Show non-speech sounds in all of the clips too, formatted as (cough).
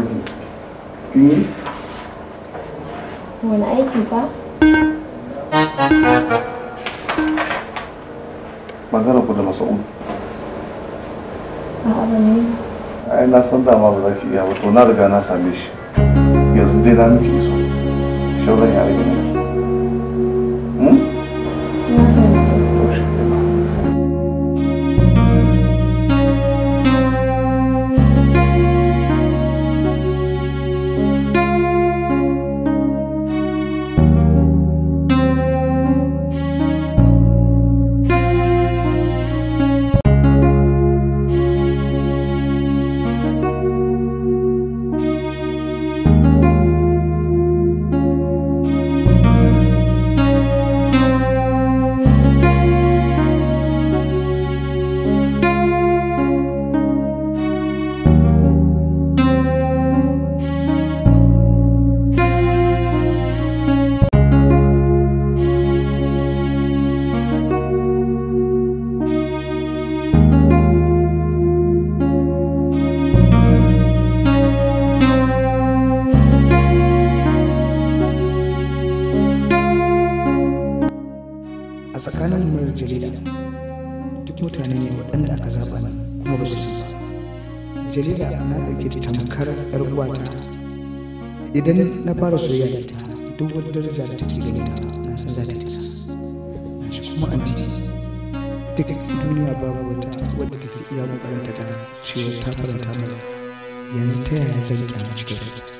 baki wani aiki fa magana ku da masa'udu A ai na san dama ba za fi iya ba to na riga na same shi yanzu dai na miki so shauran ya riga ne idan na fara soyayya da ta duk wani daraja da take gani ta na san za ta tana kuma anti duk duniya babu wata wadda take iya kokarin ta ta cewa ta faranta mana yanzu ta yaya zan kyamar cikin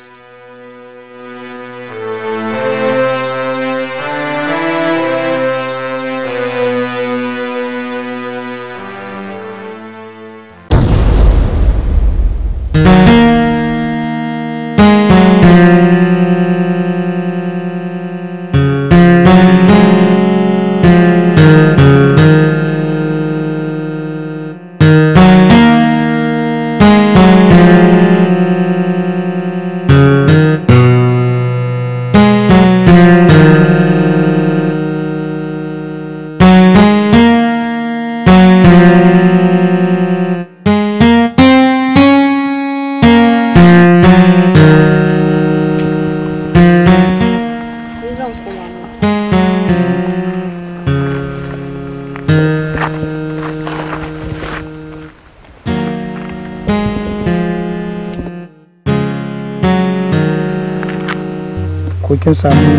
samu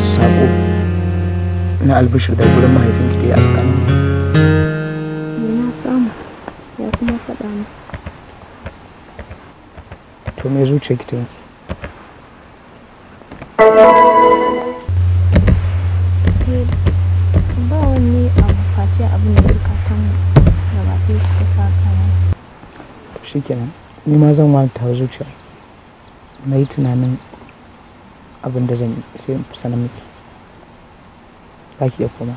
sako na albishir da gurin mahaifinki da ya tsakanin na samu ya kuma faɗa mu to me zuciya ki tanki eh, ba wani abu face abin da zukatan da baƙi suka sa kayan shikenan ni ma zan wani ta zuciya na yi tunanin abin da zan yi sai sanar miki za ki koma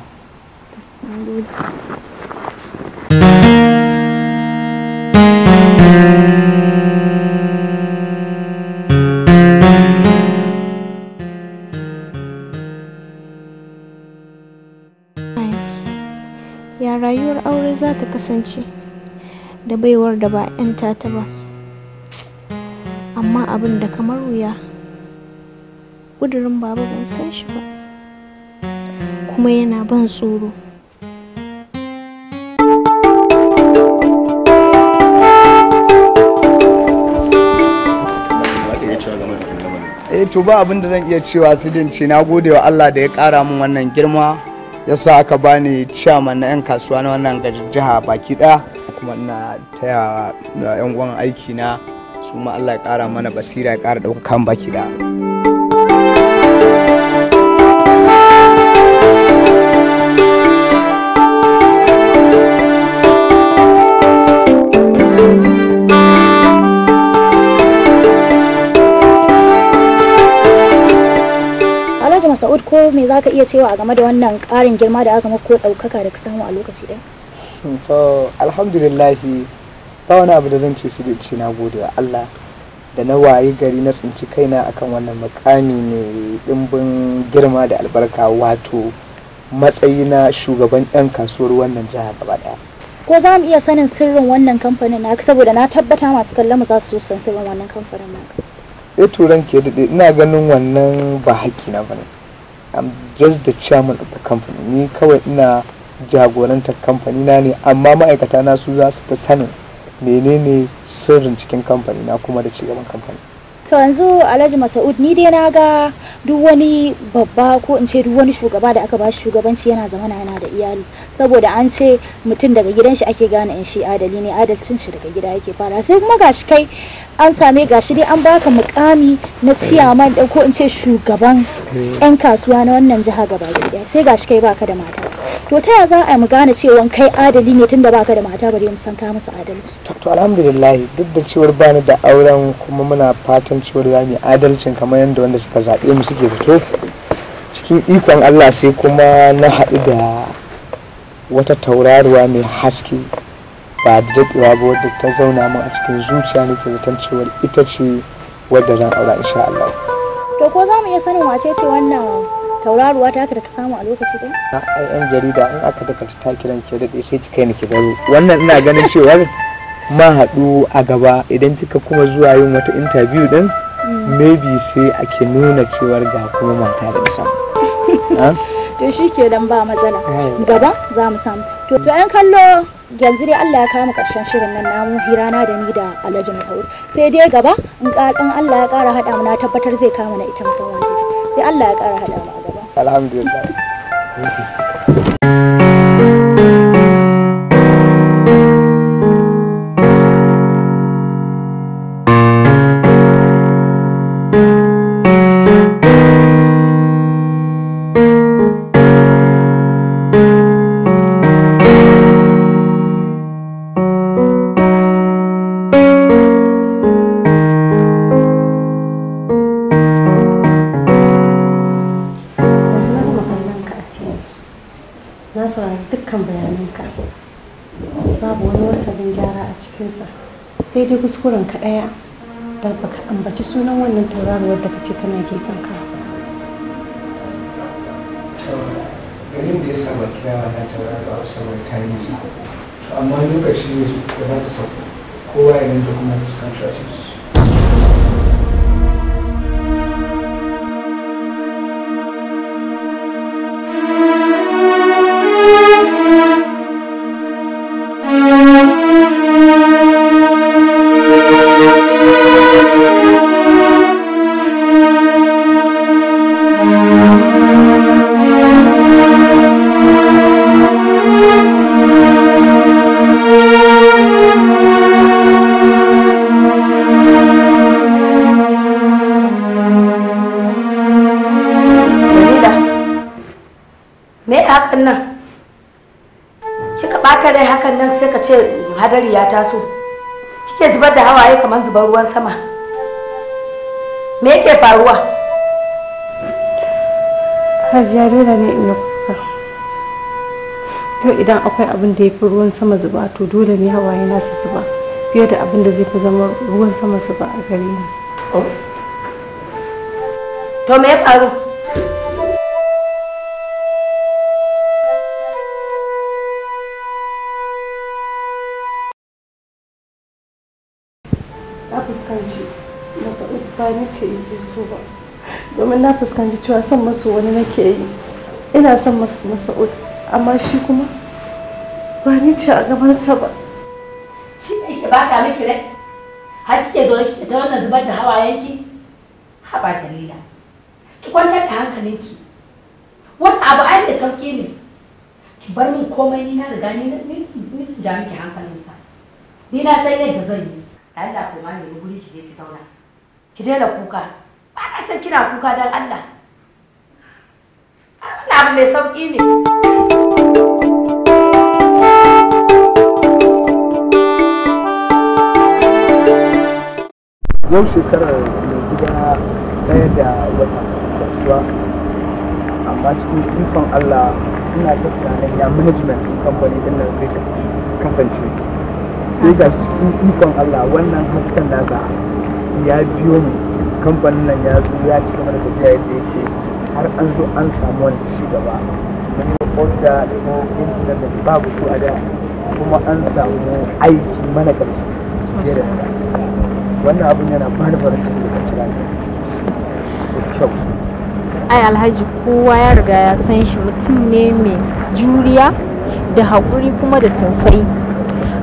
ya rayuwar aure za ta kasance da baiwar da ba 'yanta ta ba amma abin da kamar wuya ƙudurin baba ban san shi ba kuma yana ban tsoro eh to ba abin da zan iya cewa su ce na gode wa Allah da ya kara min wannan girma ya sa aka bani chairman na 'yan kasuwa na wannan jiha baki ɗaya kuma ina taya 'yan uwan aiki na su ma Allah ya ƙara mana basira ya ƙara ɗaukakan baki ɗaya sa'ud ko me za ka iya cewa game da wannan ƙarin girma da aka mako ɗaukaka da ka samu a lokaci ɗaya? Hmm, to alhamdulillah ba wani abu da zan ce su ce na gode wa Allah da na wayi gari na tsinci kaina akan wannan mukami ne ɗimbin girma da albarka wato matsayi na shugaban 'yan kasuwar wannan jihar gaba ɗaya. Ko za mu iya sanin sirrin wannan kamfanin na saboda na tabbata masu kallon mu za su san sirrin wannan kamfanin na. Eh to daɗe ina ganin wannan ba haƙƙi na bane. I'm just the chairman of the company ni kawai ina jagorantar kamfani na ne amma ma'aikata na su za su fi sanin menene sirrin cikin kamfani na kuma da cigaban kamfani to yanzu alhaji masaud ni dai na ga duk wani babba ko in ce duk wani shugaba da aka ba shugabanci yana zamana yana da iyali saboda an ce mutum daga gidan shi ake gane in shi adali ne adalcin shi daga gida yake fara sai kuma gashi kai an same gashi dai an baka mukami na ciyaman da ko in ce shugaban eh. yan kasuwa na wannan jiha gaba daya sai gashi kai baka da mata to ta ya za a mu gane cewa kai adali ne tunda baka da mata bari mu san ka musu adalci to alhamdulillah duk da cewar bani da auren kuma muna fatan cewar za mu adalcin kamar yadda wanda suka zaɓe mu suke zato cikin ikon Allah sai kuma na haɗu da wata tauraruwa mai haske ba da daɗewa ba wadda ta zauna min a cikin zuciya ke zaton cewar ita ce wadda zan aura insha Allah to ko za mu iya sanin wace ce wannan tauraruwa ta da ka samu a lokaci ɗin ai yan jarida in aka daka ta kiran ke daɗe sai ki kai ni ki baro wannan ina ganin cewar ma haɗu a gaba idan kika kuma zuwa yin wata interview ɗin mm. maybe sai ake nuna cewar ga kuma mata da musamman (laughs) to shi ke dan ba matsala gaba za mu samu to 'yan kallo yanzu dai Allah ya kama karshen shirin nan namu hirana da ni da Alhaji Masaud sai dai gaba in kaɗin Allah ya ƙara haɗa mu na tabbatar zai kama na ita musamman sai Allah ya ƙara haɗa mu a gaba alhamdulillah kuskuren ka daya da baka ambaci sunan wannan tauraruwar da kace tana gefen ka garin da ya sama kira wannan tauraruwa a sama ta yi amma lokaci ne da za ta sauko kowa ya nan da kuma fuskanta a ciki ce hadari ya taso kike zubar da hawaye kamar zubar ruwan sama me yake faruwa hajiya dole ne in kuka yau idan akwai abin da ya fi ruwan sama zuba to dole ne hawaye na su zuba fiye da abin da zai fi zama ruwan sama zuba a gare ni to me ya faru fuskanci cewa son masu wani nake yi ina son masu uku amma shi kuma ba ni ce a gabansa ba shi ne ke bata miki rai har kike zo ta wannan zubar da hawayenki ha ba jalila ki kwantar da hankalinki wani abu ai mai sauki ne ki bar min komai ni na riga ni ni ja miki hankalinsa ni na san yadda zan yi Allah ko ma ne guri ki je ki zauna ki daina kuka san kina kuka don Allah wannan abu mai sauki ne yau shekarar mai gida ɗaya da wata kasuwa amma cikin ikon Allah ina ta tunanin ya management kamfani din nan zai kasance sai ga cikin ikon Allah wannan hasken nasa ya biyo mu kamfanin nan ya zo ya ci mana da tafiya yadda yake har an zo an samu wani ci gaba wani oda ta injina da babu su a da kuma an samu aiki mana ƙarshe fiye da wannan abin yana bani farin ciki da kacira ko kyau ai alhaji kowa ya riga ya san shi mutum ne mai juriya da haƙuri kuma da tausayi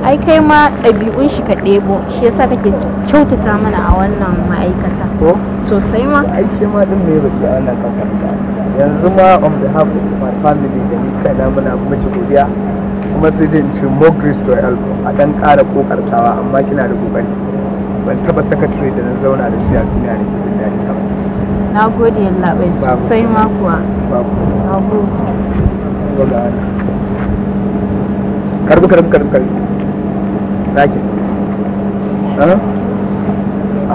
ai kai ma ɗabi'un shi ka ɗebo shi yasa kake kyautata mana a wannan ma'aikata ko sosai ma ai ke ma din mai baki a wannan kafar yanzu ma on behalf of my family da ni na muna miji godiya kuma sai dai in ce more grace to a dan ƙara kokartawa amma kina da kokari ban taba secretary da na zauna da shi a duniya da ke da ta na gode labai sosai ma kuwa na gode karbi karbi karbi karbi ɗakin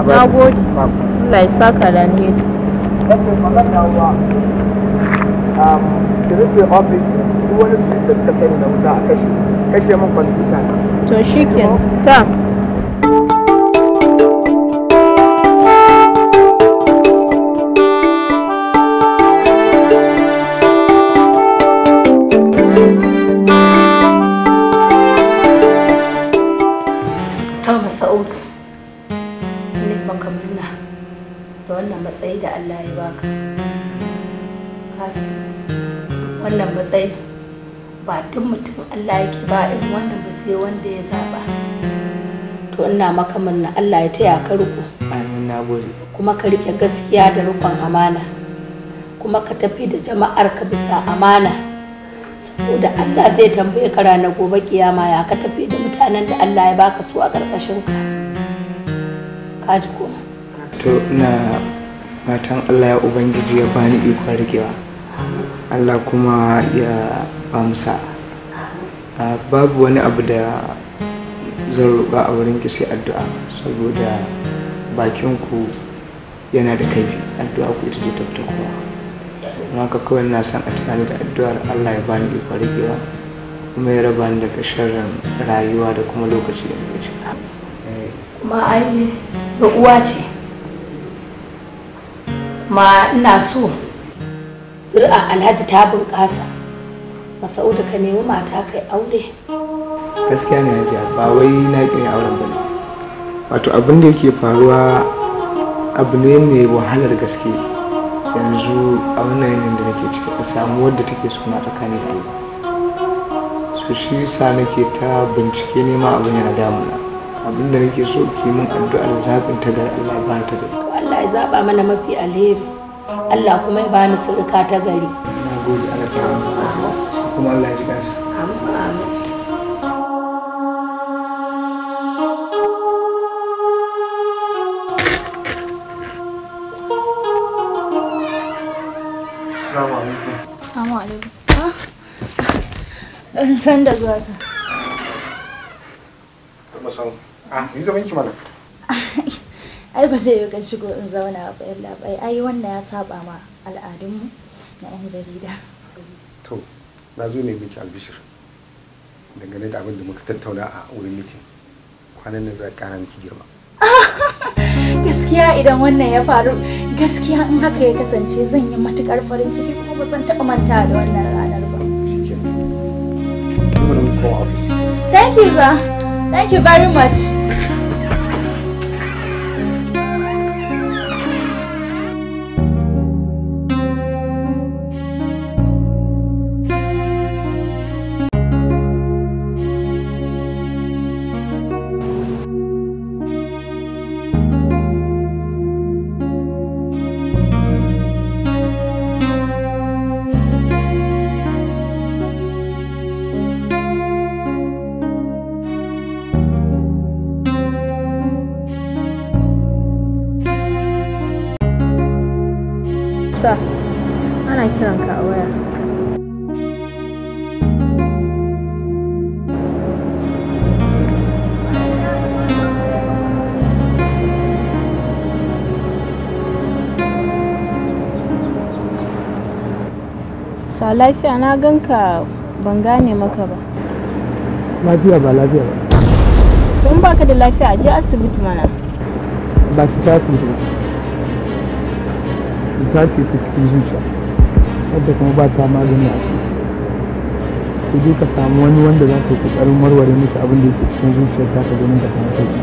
na gode Allah ya saka da um, rufe ofis duk da sani a kashe kashe min kwamfuta to ta baka wannan matsayi ba duk mutum Allah yake ba in wannan ba sai wanda ya zaba to ina maka murna Allah ya taya ka riko amin kuma ka rike gaskiya da rikon amana kuma ka tafi da jama'ar ka bisa amana saboda Allah zai tambaye ka ranar gobe kiyama ya ka tafi da mutanen da Allah ya baka su a karkashin ka ka ji ko to ina matan Allah ya Ubangiji ya bani ikon rikewa Allah kuma ya amsa babu wani abu da zan roƙa a wurin ki sai addu'a saboda bakin ku yana da kai addu'a ku ita ce tafta amma ka kawai na san a tunani da addu'ar Allah ya bani ikon rikewa kuma ya raba ni daga sharrin rayuwa da kuma lokaci da lokaci kuma ai ga uwa ce ma ina so zuri'a alhaji ta bunƙasa masaudu ka nemi mata kai aure gaskiya ne hajiya ba wai na ƙin auren ba wato abin da yake faruwa abu ne mai wahalar gaske yanzu a wannan yanayin da nake ciki a samu wadda take na tsakani da ni su shi sa nake ta bincike nema abin yana damuna abin da nake so ki min addu'ar zaɓin ta ga Allah ba ta da Allah ya zaba mana mafi alheri Allah kuma ya bani sirka ta gari na san da zuwa sa. san. Ah, ni zaman ki mana. (laughs) ai ba zai kan shigo in zauna ba yalla bai ai wannan ya saba ma al'adunmu na yan jarida to na zo ne miki albishir dangane da abin da muka tattauna a wurin mitin kwanan nan za ka kara miki girma (laughs) gaskiya idan wannan ya faru gaskiya in haka ya kasance zan yi matukar farin ciki kuma ba zan taɓa manta da wannan ranar ba thank you sir thank you very much lafiya na ganka ban gane maka ba. Lafiya ba lafiya ba. Tun baka da lafiya a je asibiti mana. Ba ki ta asibiti ba. Ki ta ce ta cikin zuciya. Wadda kuma ba ta magani a ciki. Ki je ka samu wani wanda za yi kokarin warware miki abin da yake cikin zuciyar ta ka domin da kuma sauki.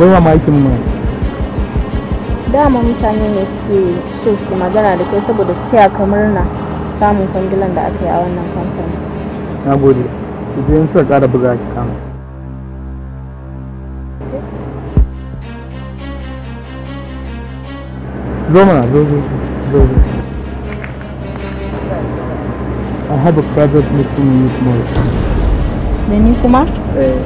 Wai ma aikin mu dama mutane ne suke so su magana da kai saboda su taya ka murna samun kwangilan da aka yi a wannan kamfani na gode idan suka kara buga ki kama zo mana zo zo zo zo I have a private meeting with Da ni kuma? Eh.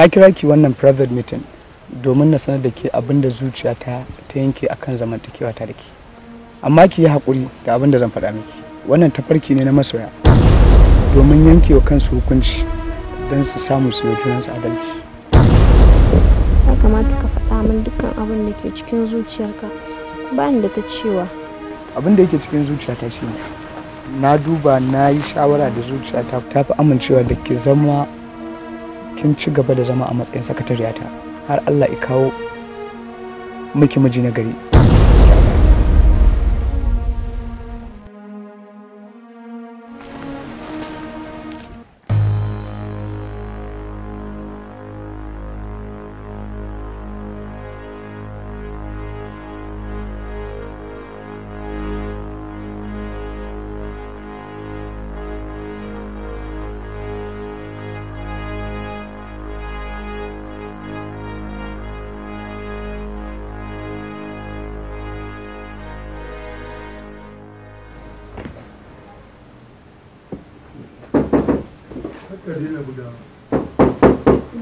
na kira ki wannan private meeting domin na sanar da ke abin da zuciya ta yanke yanke akan zamantakewa ta da ke amma ki yi haƙuri da abin da zan faɗa miki wannan tafarki ne na masoya domin yanke wa kansu hukunci don su samu su yi su adalci ya kamata ka faɗa min dukkan abin da ke cikin zuciyarka ba ni da ta cewa abin da yake cikin zuciyata shine na duba na yi shawara da zuciyata ta fi amincewa da ke zama kin ci gaba da zama a matsayin sakatariyata har Allah ya kawo miki miji na gari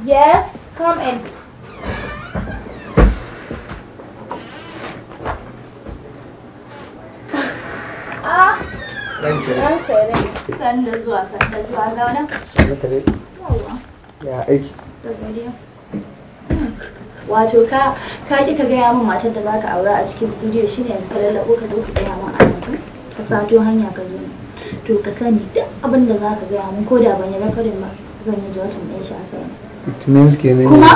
Yes, come in. (laughs) Ah. Hmm. Wato ka ka ki ka gaya min matar da zaka aura a cikin studio shine yanzu ka lallabo ka zo ka gaya min a ka sato hanya ka zo to ka sani duk abin da za ka gaya mun ko da ban yi rakarin ba zan yi jawabin ɗaya shi aka yi tunis ke ne kuma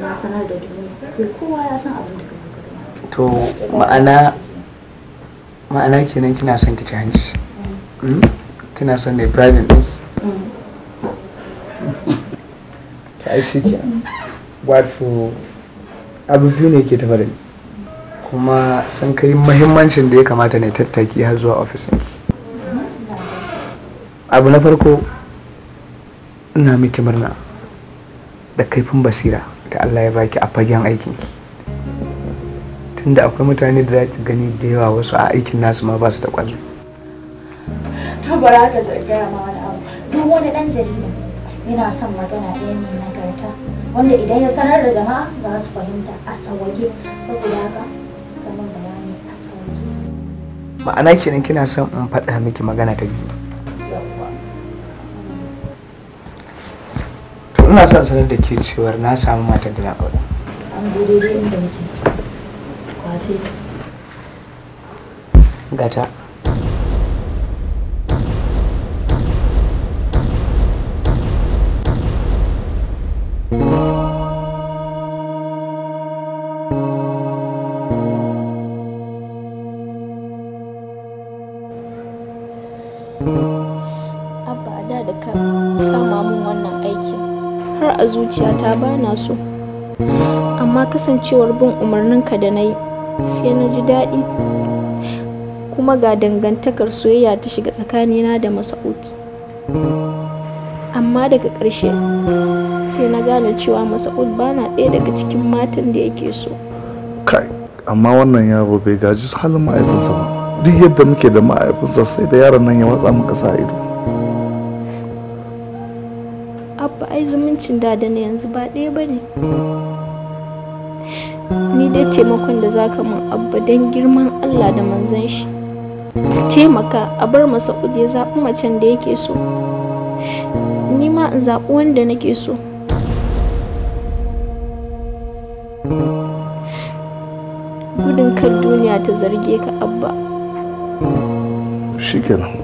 na sanar da duniya sai kowa ya san abin da ka zo ka gaya to ma'ana ma'ana kenan kina son ki ci hanci mm. hmm? kina son ne private ɗin ta mm. (laughs) shi ke wato abu biyu ne ke tafa kuma sun kai muhimmancin da ya kamata ne tattaki har zuwa ofisinki abu na farko ina miki murna da kaifin basira da Allah ya baki a fagen aikinki tunda akwai mutane da za ki gani da yawa wasu a aikin nasu ma ba su da ƙwazo to bara ka gaya ma wani abu duk wani ɗan jarida yana son magana ɗaya ne nagarta wanda idan ya sanar da jama'a za su fahimta a sauwaƙe saboda haka kamar bayani a sauwaƙe ma'ana kenan kina son in faɗa miki magana ta biyu ina son sanar da ke cewar na samu matar da na aure. Gata. zuciyata ba na so amma kasancewar bin umarninka da na yi sai na ji daɗi kuma ga dangantakar soyayya ta shiga tsakanina da masa'uki amma daga ƙarshe sai na gane cewa masa'ud ba na ɗaya daga cikin matan da yake so kai amma wannan yaro bai gaji halin ma'aifinsa ba duk yadda muke da ma'aifinsa sai da yaron nan ya watsa muka sa ido abba ai zumuncin da da na yanzu ba ɗaya ba ne ni dai taimakon da za ka abba don girman allah da manzan shi a taimaka a bar masa kuje zaɓi macen da yake so ni ma in zaɓi wanda nake so gudun kan duniya ta zarge ka abba shikenan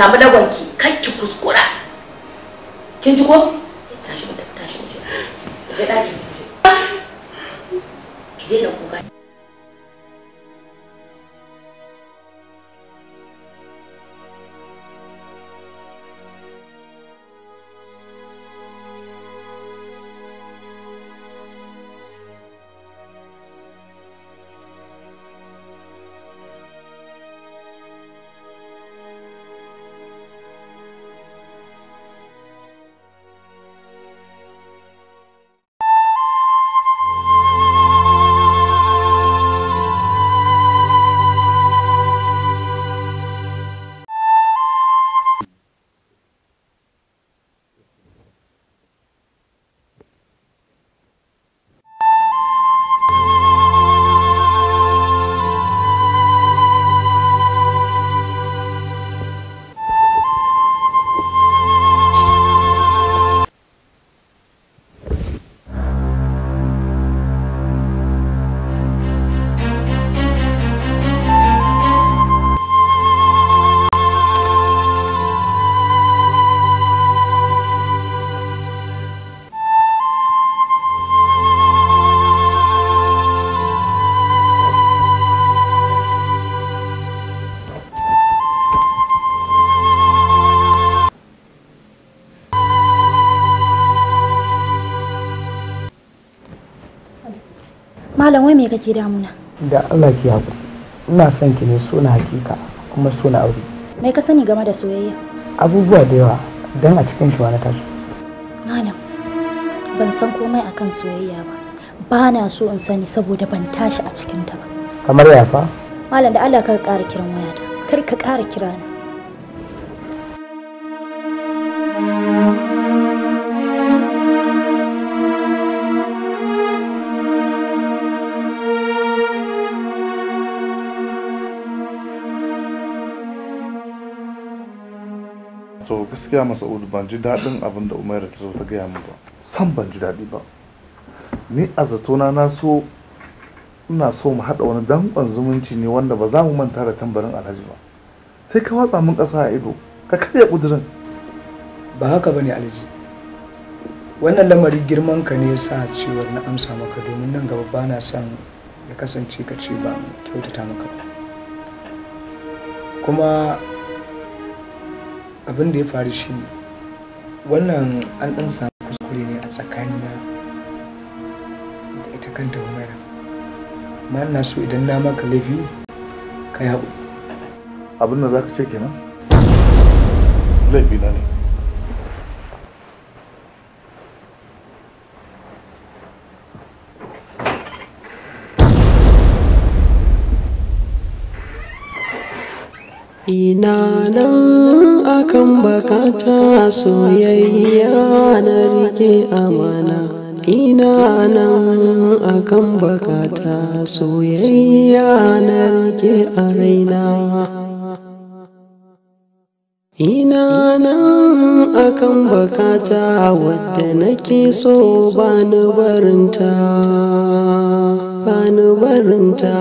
samu lagon malam wai me kake damuna da Allah ki haƙuri ina son ki ne so na hakika kuma so na aure me ka sani game da soyayya abubuwa da yawa dan a cikin shi wani tashi malam ban san komai akan soyayya ba ba na so in sani saboda ban tashi a cikin ta ba kamar yafa malam da Allah ka ƙara kiran wayata kar ka ƙara kirana gaskiya masa'udu ban ji daɗin abin da umaira ta zo ta gaya min ba san ban ji daɗi ba ni a zatona na so ina so mu haɗa wani danƙon zumunci ne wanda ba za mu manta da tambarin alhaji ba sai ka watsa min ƙasa a ido ka karya ƙudurin ba haka ba ne alhaji wannan lamari girman ka ne ya sa cewar na amsa maka domin nan gaba ba na son ya kasance ka ce ba kyautata maka kuma abin da ya faru shi wannan an ɗan samu kuskure ne a tsakanina da ita kanta humaira ma na so idan na maka laifi ka yi haƙuri abin da za ka ce kenan laifi na ne ina nan akan bakata soyayya na rike amana ina nan akan bakata soyayya na rike a raina ina nan akan bakata wadda nake so bani barinta bani barinta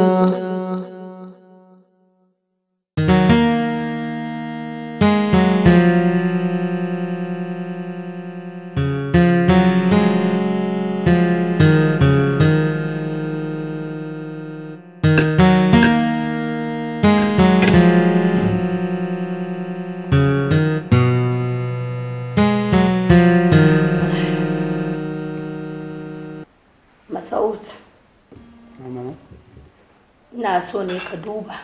duba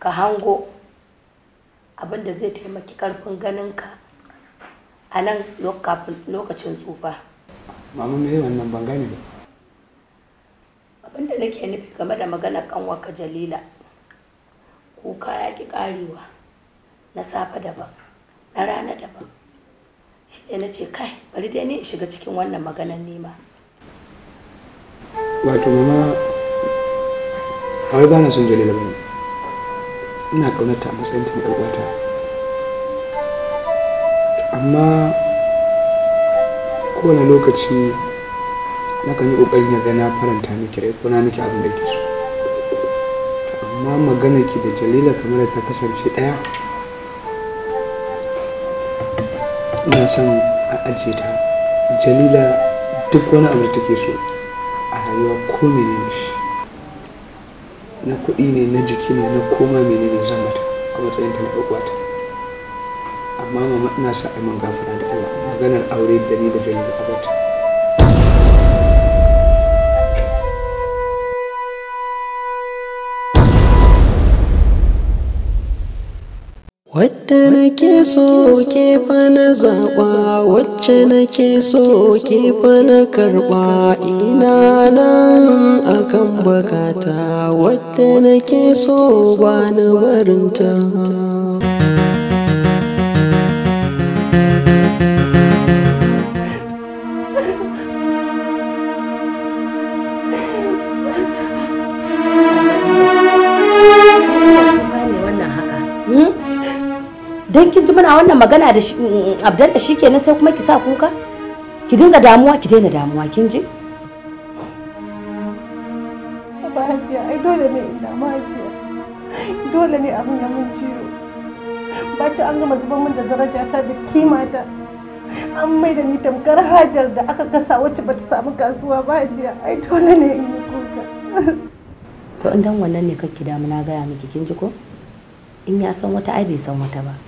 ka hango abin da zai taimaki karfin ganinka a nan lokacin tsufa mama me wannan ban gane ba abin nake nufi game da maganar kanwarka jalila kuka ya ki karewa na safe daban na rana daban shi ne na ce kai bari dai ne in shiga cikin wannan maganan nema wato mama kawai ba na son jalila ba ina kaunata a matsayin ta na uwata amma kowane lokaci na kan yi ƙoƙari na ga na faranta miki rai ko na miki abin da ke so amma magana ki da jalila kamar ta kasance ɗaya ina son a ajiye ta jalila duk wani abu da take so a rayuwa ko ne shi na kuɗi ne na jiki ne na koma menene zan mata a matsayin ta na ɗaukwata amma mama ina sa a man gafara da Allah maganar aure da ni da jami'a a bata did nake so ke fa na zaɓa wacce nake so ke fa na karɓa ina nan akan bakata wadda nake so ba na barinta dan kin ji muna wannan magana da mm, mm, abdal da shikenan sai kuma ki sa kuka ki dinga damuwa ki daina damuwa kin ji ba ai dole ne ina damu dole ne abin ya mun ciwo bacin an gama zubar min da ta da ta an mai da ni tamkar hajar da aka kasa wacce bata samu kasuwa ba hajiya ai dole ne in yi kuka to in dan wannan ne kake damu na gaya miki kin ji ko in ya san wata ai bai san wata ba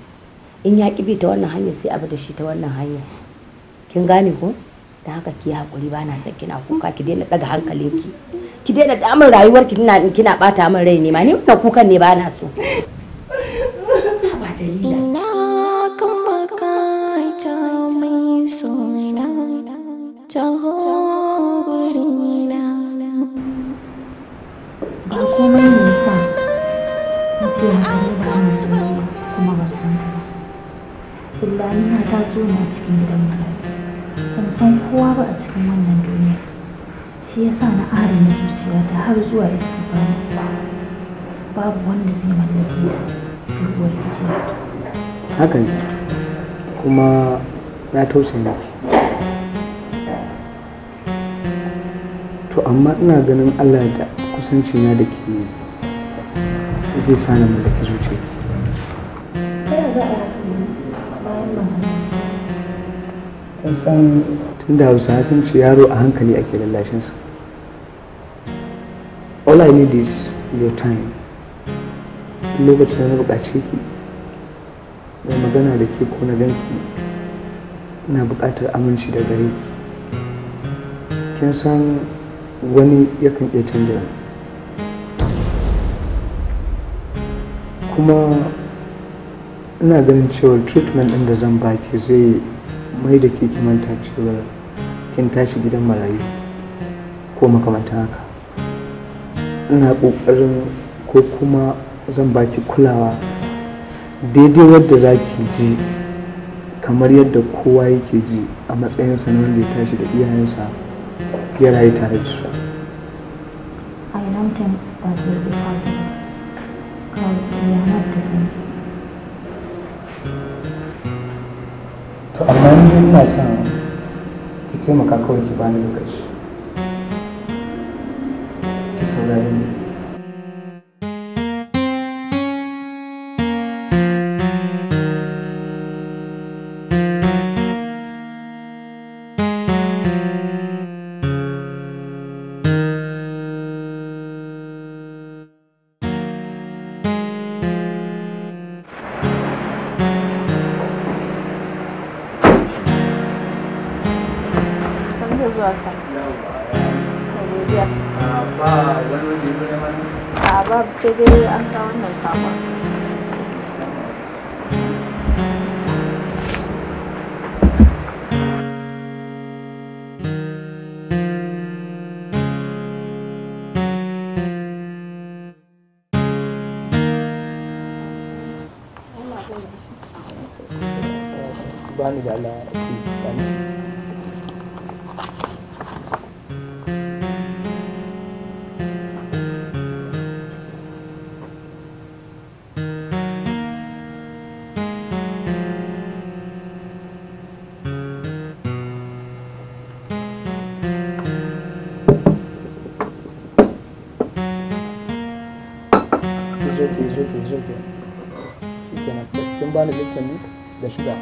in ya ƙi bi ta wannan hanyar sai abu da shi ta wannan hanyar kin gane ko da haka ki hakuri ba na son kina kuka ki daina daga hankalin ki ki daina damun rayuwar ki kina kina bata min rai ne ma ni kuka kukan ne ba na so ba dalila ba taso ne a cikin gidan marayu ban san kowa ba a cikin wannan duniya shi ya sa na adana zuciyata har zuwa istifani babu wanda zai mallake ta sai uwar gijiyata haka ne kuma na tausaya to amma ina ganin allah da kusanci na da ke zai sa na mallaki zuciya san tun da hausa sun ci yaro a hankali ake lallashinsa all i need is your time lokacin na buƙace ki da magana da ke ko na ganki ina buƙatar aminci da gare ki kin san wani yakan iya canja kuma ina ganin cewa treatment ɗin da zan baki zai mai da ke ki manta cewa kin tashi gidan marayu ko makamantan haka ina ƙoƙarin ko kuma zan baki kulawa daidai wadda za ki ji kamar yadda kowa yake ji a matsayinsa na wanda ya tashi da iyayensa ya rayu tare da su. I don't think that will be possible. ina son ka taimaka kawai ki bani lokaci ki saurari ni bani da Allah ci bani Zoke, zoke, zoke. Shi kenan, kin bani littafin da shida.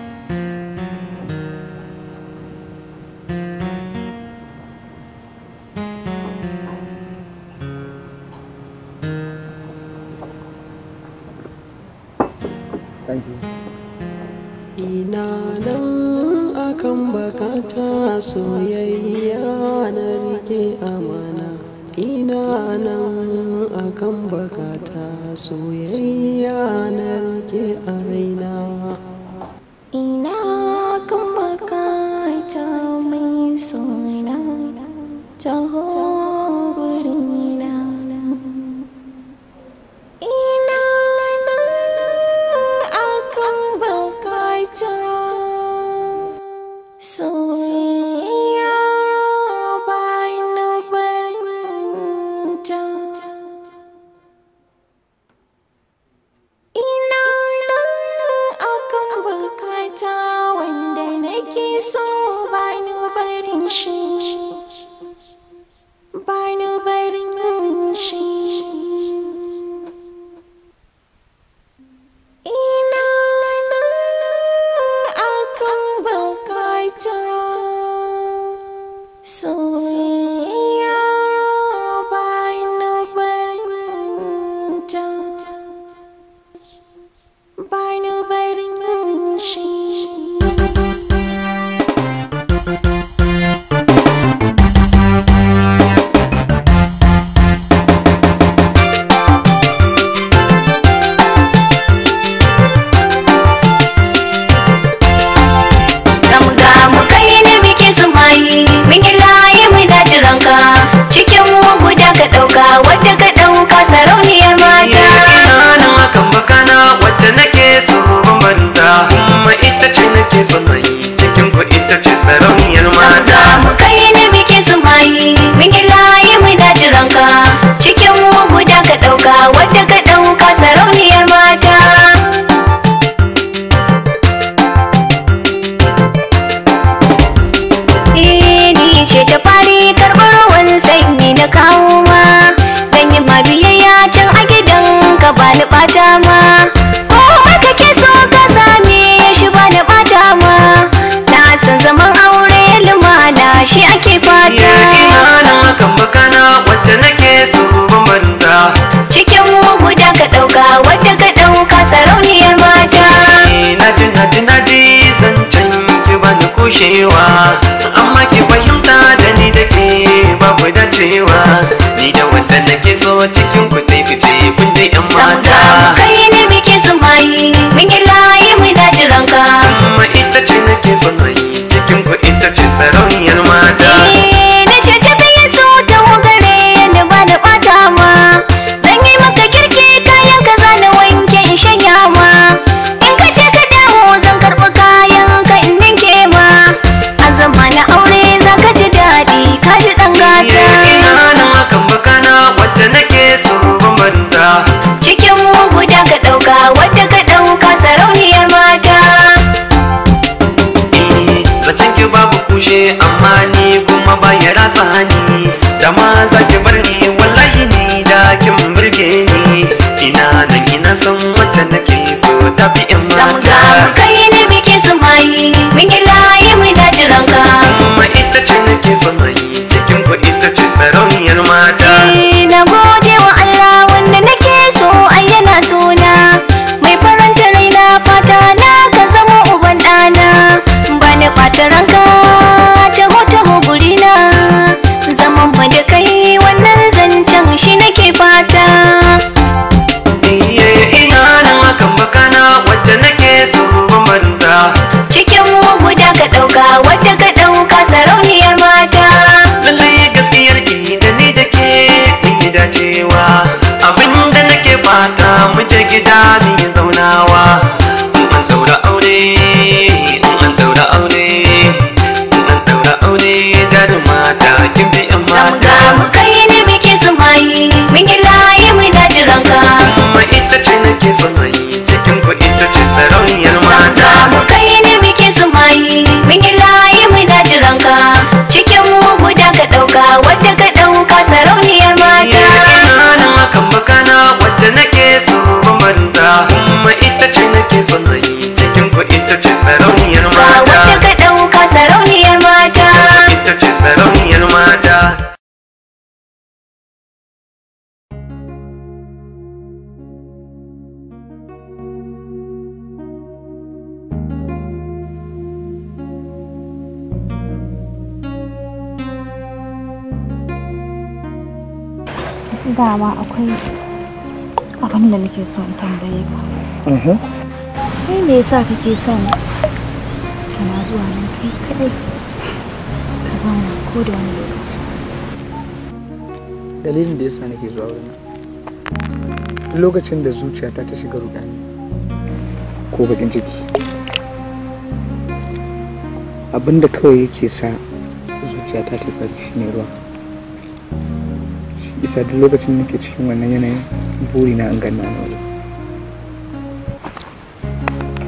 So. dama akwai abin da nake so in tambaye ka mm-hmm. kai me yasa kake son kana zuwa nan kai kadai ka zauna ko da wani lokaci dalilin da yasa nake zuwa wurin lokacin da zuciyata ta shiga rudani ko bakin ciki abinda kawai yake sa zuciyata ta bari shine ruwa bisa duk lokacin nake cikin wannan yanayin buri na an ganna na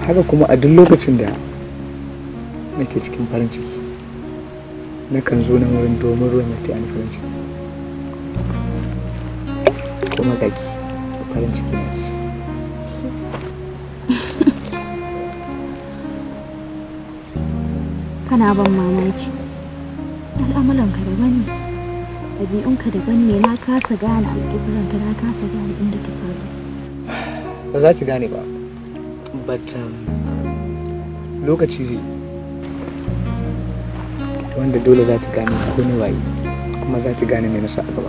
haka kuma a duk lokacin da nake cikin farin ciki na kan zo na wurin domin ruwan na ta farin ciki kuma gaki farin ciki na shi kana ban mamaki al'amuranka da ne ɗabi'unka daban ne na kasa gane ka na kasa gane inda ka saba ba za ta gane ba but um, lokaci zai wanda dole za ta gane ko ne waye kuma za ta gane mai nasa a gaba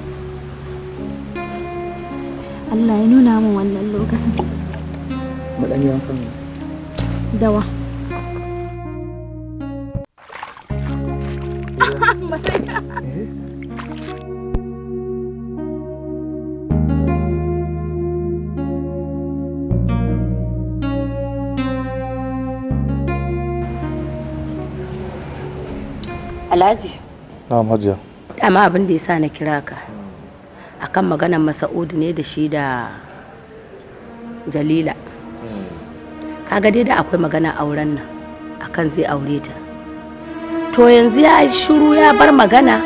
Allah ya nuna min wannan lokacin mu ɗan yi wankan dawa (laughs) Alhaji. Na'am Hajiya. Amma abin da yasa na kira ka. Akan maganar Masa'udu ne da shi da Jalila. Kaga dai da akwai magana auren nan akan zai aure ta. To yanzu ya shiru ya bar magana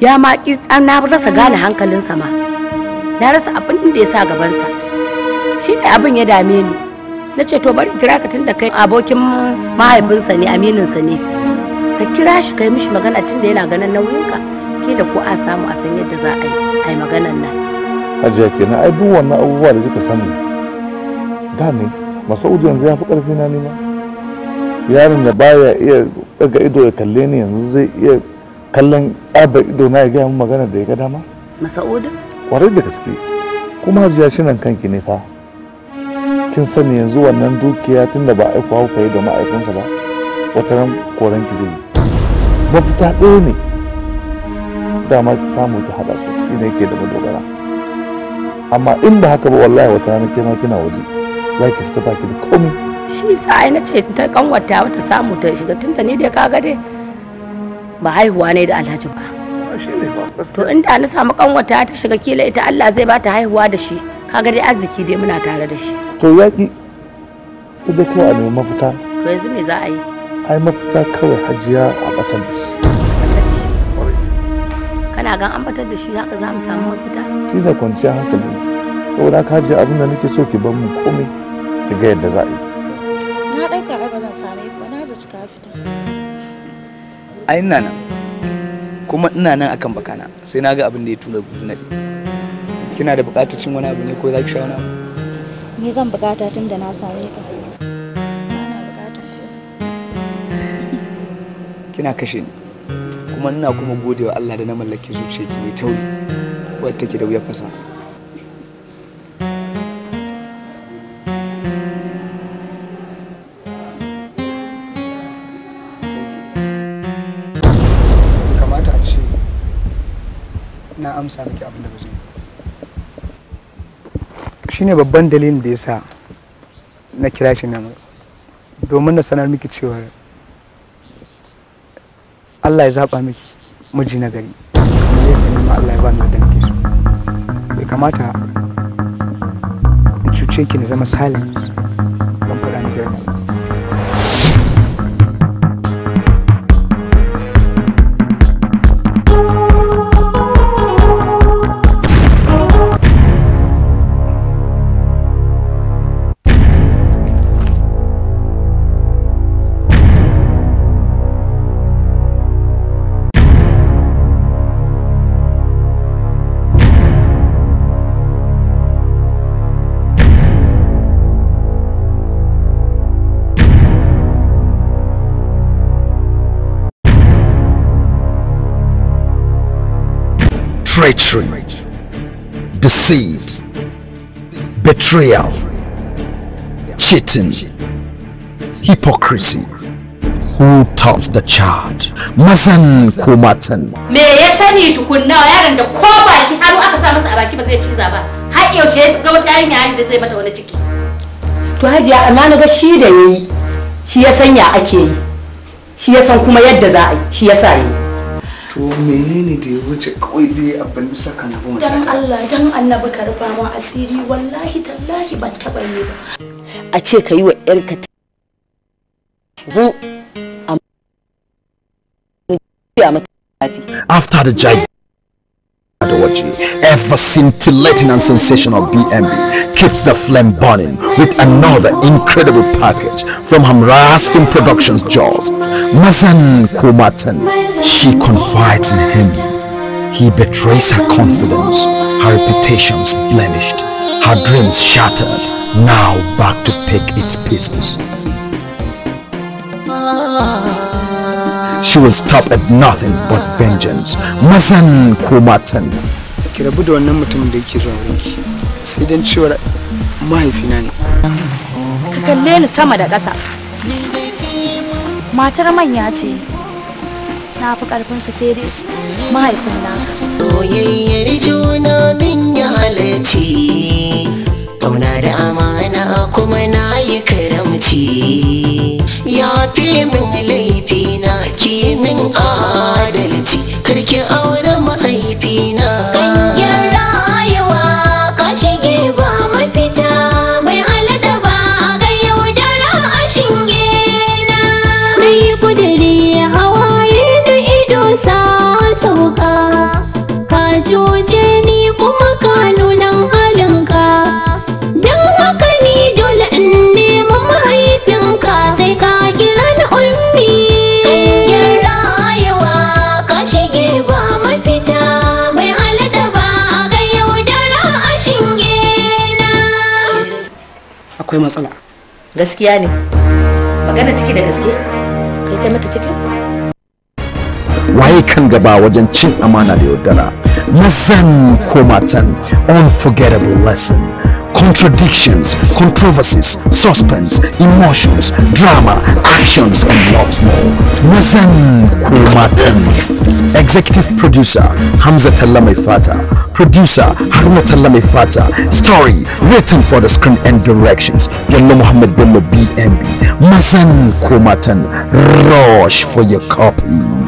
ya ma na rasa gane hankalinsa ma. Na rasa abin da ya sa gabansa. Shi ne abin ya dame ni. Na ce to bari kira ka tun da kai abokin mahaifinsa ne amininsa ne. ka kira shi kai mishi magana tunda yana ganin nauyinka ke da ko a samu a san yadda za a yi ai maganan nan hajiya kenan ai duk wannan abubuwa da kika sani da ne masaudi yanzu ya fi karfi na nima yaron da baya iya daga ido ya kalle ni yanzu zai iya kallon tsabar ido na ya gaya min magana da ya ga dama masaudi kwarai da gaske kuma hajiya shi nan kanki ne fa kin sani yanzu wannan dukiya tunda ba aiko hauka yi ga ma'aikinsa ba wataran koranki zai yi mafita ɗaya ne dama ki samu ki haɗa su shi ne ke da madogara amma inda haka ba wallahi wata rana ke ma kina waje za ki fita baki da komi shi sa ai na ce ta kanwata wata samu ta shiga tunda ni dai kaga dai ba haihuwa ne da alhaji ba to inda na samu kanwata ta shiga kila ita Allah zai ba ta haihuwa da shi kaga dai arziki dai muna tare da shi to yaki sai dai kawai a nemi mafita to yanzu me za a yi ai mafita kawai hajiya a batar da shi kana gan an batar da shi haka za mu samu mafita shi da kwanciyar hankali saboda ka hajiya abin da nake so ki ban mu komai ki ga yadda za a yi na ɗauka ai ba zan sare ba na zaci ka fita ai ina nan kuma ina nan akan bakana sai na ga abin da ya tura gudu na kina da bukatar cin wani abu ne ko za ki sha wani abu me zan bukata tun da na same ka kina kashe ni kuma ina kuma gode wa Allah da na mallaki zuciya ki mai tauri wadda take da wuyar fasa kamata a ce na amsa miki abin da ba zai shine babban dalilin da yasa na kira shi nan domin na sanar miki cewa Allah ya zaba miki miji na gari yadda ni ma Allah ya bani wadda nake so bai kamata in cuce ki na zama silence ban faɗa ni girma deceit, betrayal, cheating, hypocrisy. Who tops the chart? Mazan ko yes, I need to put now. I had the hannu aka sa masa a baki ba zai ciza ba. Har yaushe ga wata yarinya da zai mata the ciki. To Hajiya amma na ga shi da yayi shi ya sanya ake yi. Shi ya san kuma She has a yi shi ya sa yi. to menene da ya wuce kawai dai abin bisa kan abu dan Allah dan annabi karfa rufa mu asiri wallahi tallahi ban taba yi ba a ce ka yi wa yarka After the giant ever scintillating and sensational BMB, keeps the flame burning with another incredible package from Hamras Film Productions Jaws. Mazen Kumatan, she confides in him. He betrays her confidence, her reputation's blemished, her dreams shattered, now back to pick its pieces. she will stop at nothing but vengeance mazan ko matan ki rabu da wannan mutumin da yake zuwa wurinki sai dan cewar mahaifina ne ka kalle ni sama da ƙasa matar manya ce na fi ƙarfinsa sai dai mahaifin na soyayyar juna min ya halatti kauna da amana kuma na yi karamci ya fi min laifina ki min adalci karki aure mahaifina akwai matsala gaskiya ne magana ciki da gaske kai kai mata ciki. waye kan gaba wajen cin amana da yaudara Mazam Komatan, unforgettable lesson. Contradictions, controversies, suspense, emotions, drama, actions, and lots more. Mazam Komatan. Executive producer Hamza Talame Fata. Producer Haruna Talame Fata. Story written for the screen and directions. Yalla Muhammad Bello BMB. Mazam Komatan. Rush for your copy.